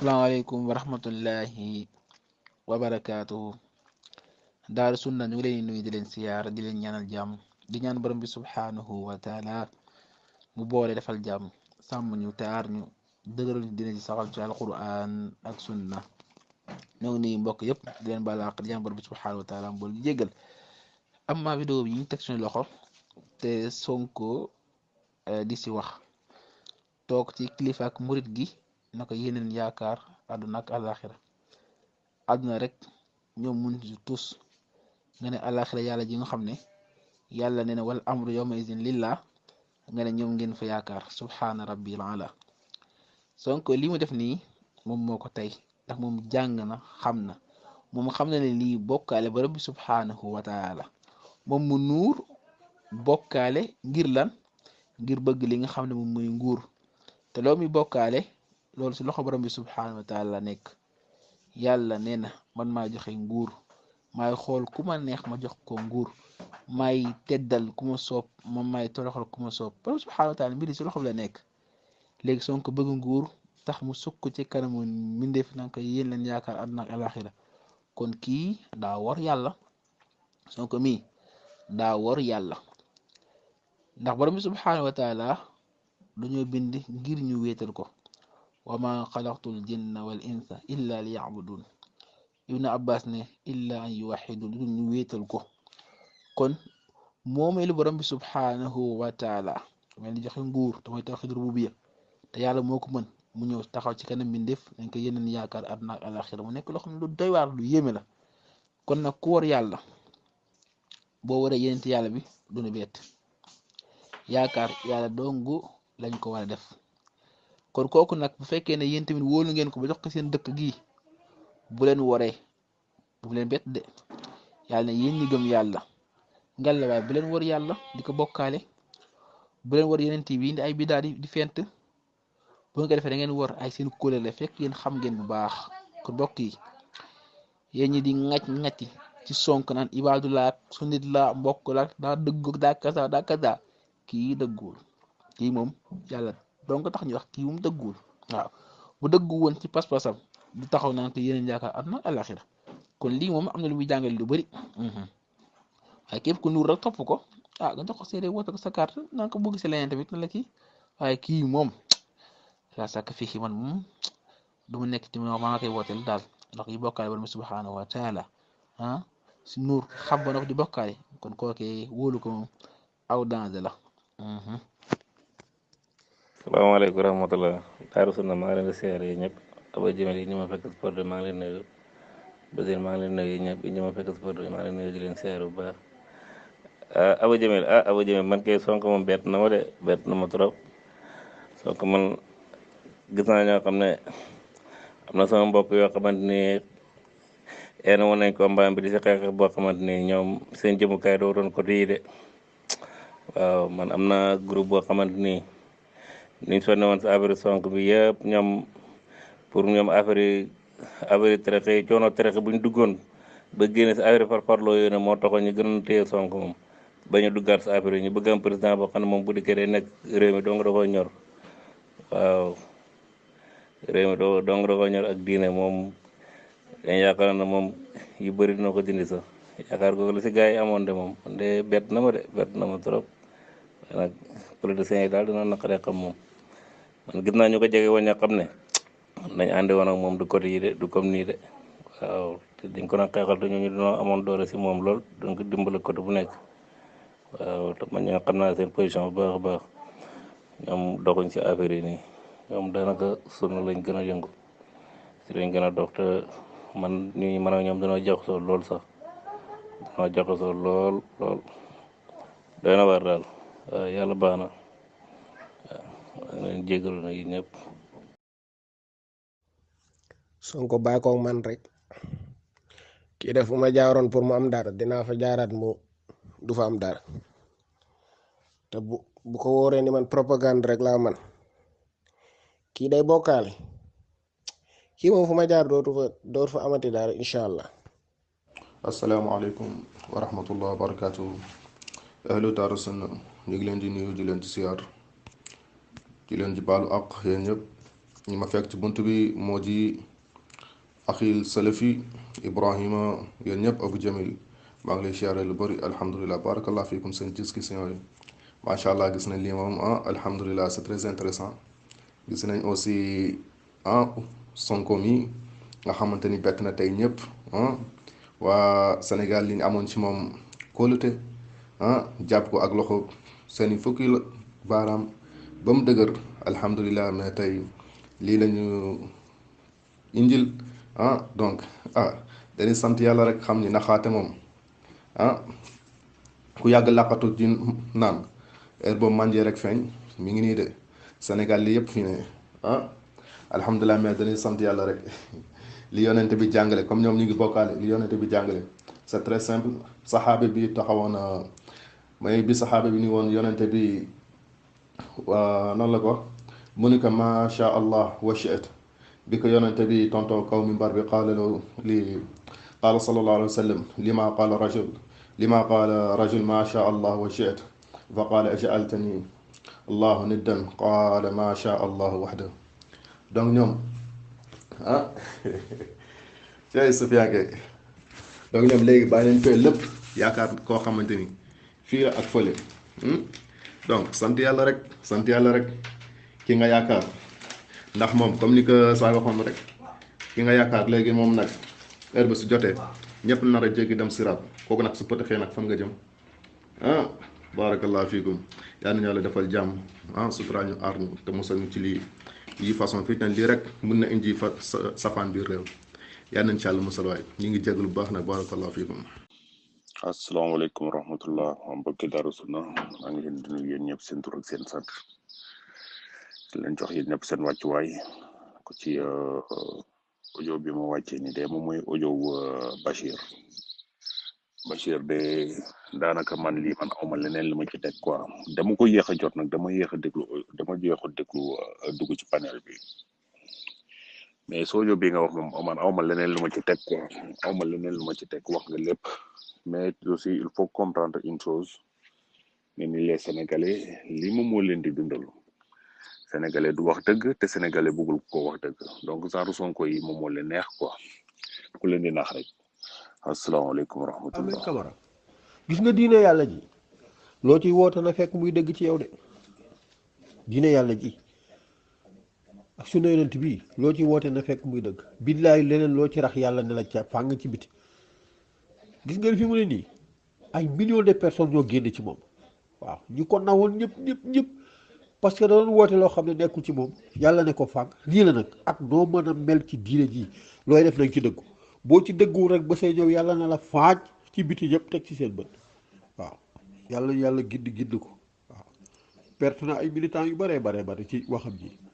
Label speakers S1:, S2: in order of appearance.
S1: salaamaaleykum wa rahmatullahi wa barakaatuhu daaru sunna ñu leen di nuyu di leen siyaar di leen ñaanal jàmm di ñaan borom bi subhaanahu wa taala mu boole defal jàmm sàmm ñu taar ñu dëgëral ñu dina ci saxal ci ak sunna ñoo ngi nuyu mbokk yëpp di leen balaax di ñaan borom bi subhaanahu wa taala mu boole ñu jéggal am ma vidéo bi ñu loxo te Sonko eh, di si wax toog ci kilifa ak murit gi. na ko yéeneen yaakaar àdduna ak alaxira àdduna rek ñoom mun ci tus nga ne alaxira yàlla ji nga xam ne yàlla nee na wal amru yawma izin lillah nga ne ñoom ngeen fa yaakaar subhaana rabbil ala donc li mu def nii moom moo ko tey ndax moom jàng na xam na moom xam na ne lii bokkaale ba rabbi subhaanahu wa taala moom mu nuur bokkaale ngir lan ngir bëgg li nga xam ne moom mooy nguur te loo muy bokkaale loolu si loxo borom bi subxanahu wa taala nekk yàlla nee na man maa joxe nguur maay xool ku ma neex ma jox ko nguur maay teddal ku ma soob moom maay toroxal ku ma soob borom subxanahu wa si loxo la nekk léegi soo bëgg nguur tax mu sukk ci kanamu mbindeef na ko yéen leen yaakaar àdduna ak kon kii daa war yàlla soo ko mii daa wor yàlla ndax borom bi subxanahu wa taala dañoo bind ngir ñu wéetal ko. wa ma xalaqtul jinna wal insa illa li yacbudun ibnu abbas ne illa an yuwaxidu lu ñu wéetal moo kon moomeelu borom bi subhaanahu wa taala mel ni joxe nguur te mooy tawxiid rububiya te yàlla moo ko mën mu ñëw taxaw ci kanam mbindeef dañ ko yeneen yaakaar àdduna ak alaxira mu nekk loo xam ne lu doy waar lu yéeme la kon nag ku war yàlla boo waree yeneenti yàlla bi du nu beet yaakaar yàlla dongu lañ ko war a def kon kooku nag bu fekkee ne yéen tamit wóolu ngeen ko ba jox ko seen dëkk gi bu leen woree bu leen bett de yàlla ne yéen ñi gëm yàlla ngalla waaye bu leen war yàlla di ko bokkaale bu leen war yeneen yi indi ay bidaa di fent boo ngeen ko defee da ngeen war ay seen kóolale fekk yéen xam ngeen bu baax kon mbokk yi yéen ñi di ŋàcc ŋàcc ci sonk naan ibaadu laa sunnit laa mbokk laa daa dëgg daa kasa daa kasa kii dëggul kii moom yàlla. donc tax ñu wax ki wum deggul waaw bu deggu won ci pass passam du taxaw naan ko yeneen yaakaar adna al akhirah kon li mom amna lu muy jangal lu bari hmm ay képp ku nur rek top ko ah nga jox ko séedee wota ko sa carte naa ko bëgg si leneen tamit na ki ay ki mom la sak fi fii man mom du mu nekk ci mo ma kay wote dal daal ndax yi bokkal ba subhanahu wa taala ha ci nur xam ba ko di bokkal kon ko ke wolu ko aw danger la
S2: hmm salaamaaleykum rahmatullah Daaru maa ngi leen di siyaare yi ñëpp aba jëmel yi ñu ma fekk sport bi maa ngi leen nuyu Badine maa ngi leen nuyu ñëpp baax ah, aba jëmel ah, man kay Sonko moom bet na ma de bett na ma trop Sonko man gis naa ñoo xam ne am na sama mbok yoo xamante ni een woon nañ ko mbaam bi di si ni ñoom seen jëmukaay doo doon ko téyi de waaw man am na group boo xamante nii niñ sonne woon si affaire sonk bi yëpp ñoom pour ñoom affaire yi affaire yi traité coono traité bu ñu duggoon ba génne si affaire par parloo moo taxoon ñu gën a téye sonk moom ba ñu duggaat si affaire yi ñu bëgg am président xam ne moom bu dikkee day nekk réew mi dong da koo ñor waaw réew dong da koo ñor ak diine moom dañ yaakaar na moom yu bëri dina ko dindi sax yaakaar googu la si gars yi amoon de moom de na ma de bett na ma trop nag politiciens yi daal dina naqaree xam moom. man gis naa ñu ko jege woon ña xam ne nañ ànd woon ak moom du côté yi de du comme nii de waaw te dañ ko naan xeexal te ñooñu dañoo amoon doole si moom lool donc dimbale côté bu nekk waaw te man ñoo xam naa seen position bu baax a baax ñoom doxuñ si affaire yi nii ñoom daanaka sunu lañ gën a yëngu si lañ gën a dox te man ñu mën a ñoom dañoo jaxasoo lool sax dañoo jaxasoo lool lool doy na war daal yàlla baax na Jegel jégal na yi ñëpp
S1: Sonko bay ko man rek ki defuma jaaroon pour mu am dara dina fa jaarat mu du fa am dara te bu ko woré ni man propagande rek la man ki day bokal ki mo fuma jaar do fa do fa amati dara inshallah
S3: allah alaykum wa rahmatullahi wa barakatuh ahlu tarasun di nuyu di len di di leen ci baalu àq yéen ñëpp ñi ma fekk ci bunt bi moo ji axil salafi ibrahima yéen ñëpp abu jamil maa ngi lay siyaare lu bëri alhamdulilah barakallah fiikum seen discussion yi macha allah gis nañ li moom ah alhamdulilah c'est très intéressant gis nañ aussi ah sonko mi nga xamante ni bett na tey ñëpp ah. waa Sénégal li ñu amoon si moom kóolute ah jàpp ko ak loxo seeni fukki baaraam ba mu dëgër alhamdulilah mais tey lii lañu injil ah donc ah dañuy sant yàlla rek xam ni naxaate moom ah, ku yàgg làqatu ci naan heure boobu mànjee rek feeñ mu ngi nii de Sénégal lii yëpp fi ne ah alhamdulilah mais dañuy sant yàlla rek li yonente bi jàngale comme ñoom ñu ngi bokkaale li yonente bi jàngale c'est très simple saxaabe bi taxawoon ah, may bi saxaabe bi ni woon yonente bi ونلقى منك ما شاء الله وشئت بك يا نتبي تنتو قوم بار قال له لي قال صلى الله عليه وسلم لما قال رجل لما قال رجل ما شاء الله وشئت فقال اجعلتني الله ندا قال ما شاء الله وحده دونك نيوم ها جاي سفيان كي دونك نيوم لي با نتو لب ياكار كو خامتني في اك فله donc sante yàlla rek sante yàlla rek ki nga yaakaar ndax moom comme ni ko saa waxoon rek ki nga yaakaar léegi moom nag heure ba su jotee ñëpp nar a jéggi dem siraat kooku nag su pëtëxee nag fan nga jëm ah barakallahu fiikum ya na yàlla defal jàmm ah sutura ñu arnu te musal ñu ci lii yi façon fi tan lii rek mun na indi fa safaan biir réew ci yàlla waay ngi jégg lu baax nag barakallahu
S1: asalaamaaleykum wa rahmatullah mbokki daaru sunna maa ngi leen di yeen ñep seen tur ak seen sant di leen jox yeen ñep seen way ko ci audio bi mo wacce ni de mo moy audio bashir bashir de danaka man li man awma leneen luma ci tek quoi dama ko yexa jot nak dama yexa deglu dama yéex deglu dugg ci panel bi mais soo bi nga wax mom man awma leneen luma ci tek quoi awma leneen luma ci tek wax nga lepp mais aussi il faut comprendre une chose ne ni les sénégalais li moom moo leen di dundal sénégalais du wax dëgg te sénégalais bëggul ko wax dëgg donc genre Sonko yi moom moo leen neex quoi ku leen di nax rek asalaamaaleykum wa rahmatullah
S3: gis nga diine yàlla ji loo ciy fekk muy dëgg ci yow de diine yàlla ji ak sunu yonent bii loo ciy woote na fekk muy dëgg billaay leneen loo ci rax yàlla ne la ca nga ci biti gis ngeen fi mu ne nii ay millions de personnes ñoo génn ci moom waaw ñu ko nawoon ñëpp ñëpp ñëpp parce que da woote loo xam ne nekkul ci moom yàlla ne ko fànk lii la nag ak noo mën a mel ci diine ji looy def nañ ci dëggu boo ci dëggu rek ba say ñëw yàlla na la faaj ci biti yëpp teg ci seen bët waaw yàlla yàlla gidd gidd ko waaw perte na ay militants yu baree baree bare ci waxam ji